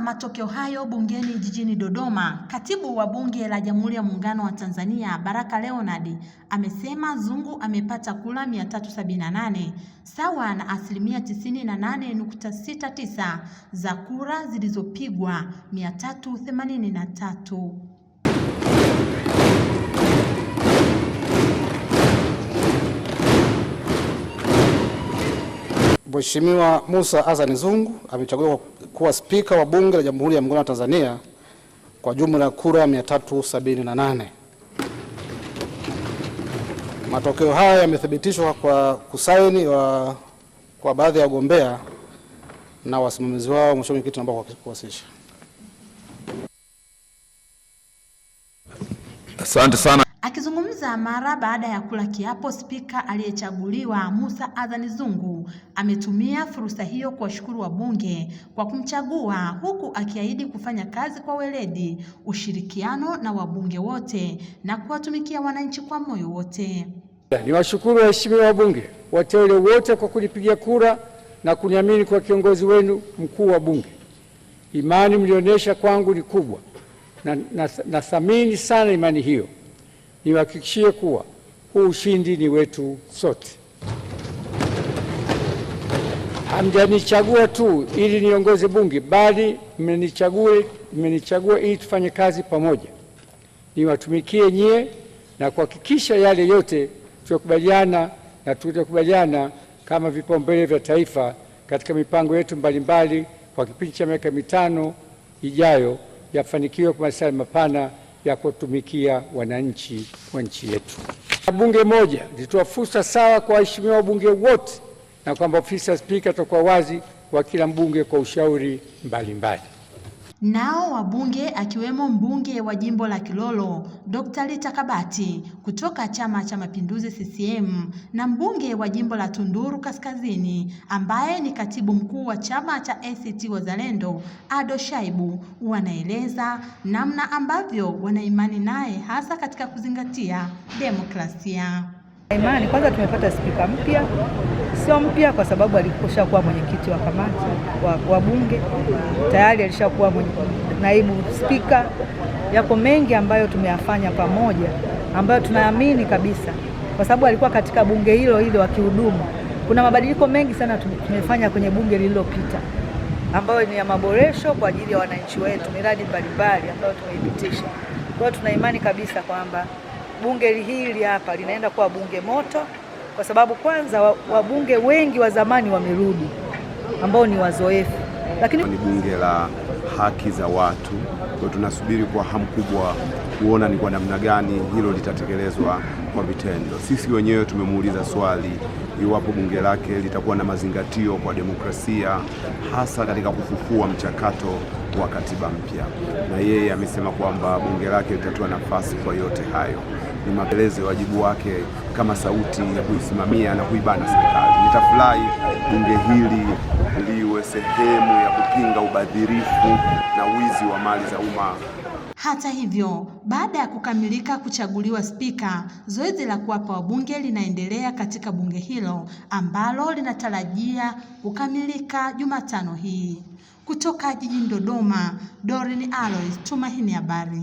matokeo hayo bungeni jijini Dodoma, katibu wa Bunge la Jamhuri ya Muungano wa Tanzania Baraka Leonard amesema Zungu amepata kura 378 sawa na asilimia 98.69 za kura zilizopigwa 383. Mheshimiwa musa Azan Zungu amechaguliwa kuwa spika wa bunge la Jamhuri ya Muungano wa Tanzania kwa jumla ya kura 378. Matokeo haya yamethibitishwa kwa kusaini wa, kwa baadhi ya wagombea na wasimamizi wao. Mheshimiwa Mwenyekiti, naomba kuwasilisha. Asante sana. Akizungumza mara baada ya kula kiapo, Spika aliyechaguliwa musa adhani Zungu ametumia fursa hiyo kuwashukuru wabunge kwa kumchagua, huku akiahidi kufanya kazi kwa weledi, ushirikiano na wabunge wote na kuwatumikia wananchi kwa moyo wote. Niwashukuru waheshimiwa wabunge wateule wote kwa kunipigia kura na kuniamini kwa kiongozi wenu mkuu wa Bunge. Imani mlionyesha kwangu ni kubwa na nathamini na sana imani hiyo niwahakikishie kuwa huu ushindi ni wetu sote. Hamjanichagua tu ili niongoze Bunge, bali mmenichagua mmenichagua ili tufanye kazi pamoja, niwatumikie nyie na kuhakikisha yale yote tutakubaliana na tutakubaliana kama vipaumbele vya taifa katika mipango yetu mbalimbali mbali, kwa kipindi cha miaka mitano ijayo yafanikiwe kwa maslahi mapana ya kutumikia wananchi wa nchi yetu. Bunge moja litoa fursa sawa kwa waheshimiwa wabunge wote na kwamba ofisi ya spika itakuwa wazi kwa kila mbunge kwa ushauri mbalimbali mbali. Nao wabunge akiwemo mbunge wa jimbo la Kilolo Dr. Kabati kutoka Chama cha Mapinduzi CCM na mbunge wa jimbo la Tunduru Kaskazini ambaye ni katibu mkuu wa chama cha ACT Wazalendo Ado Shaibu wanaeleza namna ambavyo wanaimani naye hasa katika kuzingatia demokrasia. Imani kwanza, tumepata spika mpya, sio mpya kwa sababu kuwa mwenyekiti wa kamati wa, wa bunge tayari, alishakuwa naibu spika. Yako mengi ambayo tumeyafanya pamoja, ambayo tunaamini kabisa, kwa sababu alikuwa katika bunge hilo hilo akihudumu. Kuna mabadiliko mengi sana tumefanya kwenye bunge lililopita, ambayo ni ya maboresho kwa ajili ya wananchi wetu, miradi mbalimbali ambayo tumeipitisha. Kwa hiyo tuna imani kabisa kwamba bunge hili hapa linaenda kuwa bunge moto, kwa sababu kwanza wabunge wengi wa zamani wamerudi ambao ni wazoefu, lakini ni bunge la haki za watu. Kwa tunasubiri kwa hamu kubwa kuona ni kwa namna gani hilo litatekelezwa kwa vitendo. Sisi wenyewe tumemuuliza swali iwapo bunge lake litakuwa na mazingatio kwa demokrasia, hasa katika kufufua mchakato wa katiba mpya, na yeye amesema kwamba bunge lake litatoa nafasi kwa yote hayo. Ni ya wajibu wake kama sauti ya kuisimamia na kuibana serikali. Nitafurahi bunge hili liwe sehemu ya kupinga ubadhirifu na wizi wa mali za umma. Hata hivyo, baada ya kukamilika kuchaguliwa spika, zoezi la kuwapa wabunge linaendelea katika bunge hilo ambalo linatarajia kukamilika Jumatano hii. Kutoka jijini Dodoma, Doreen Aloys, Tumaini Habari.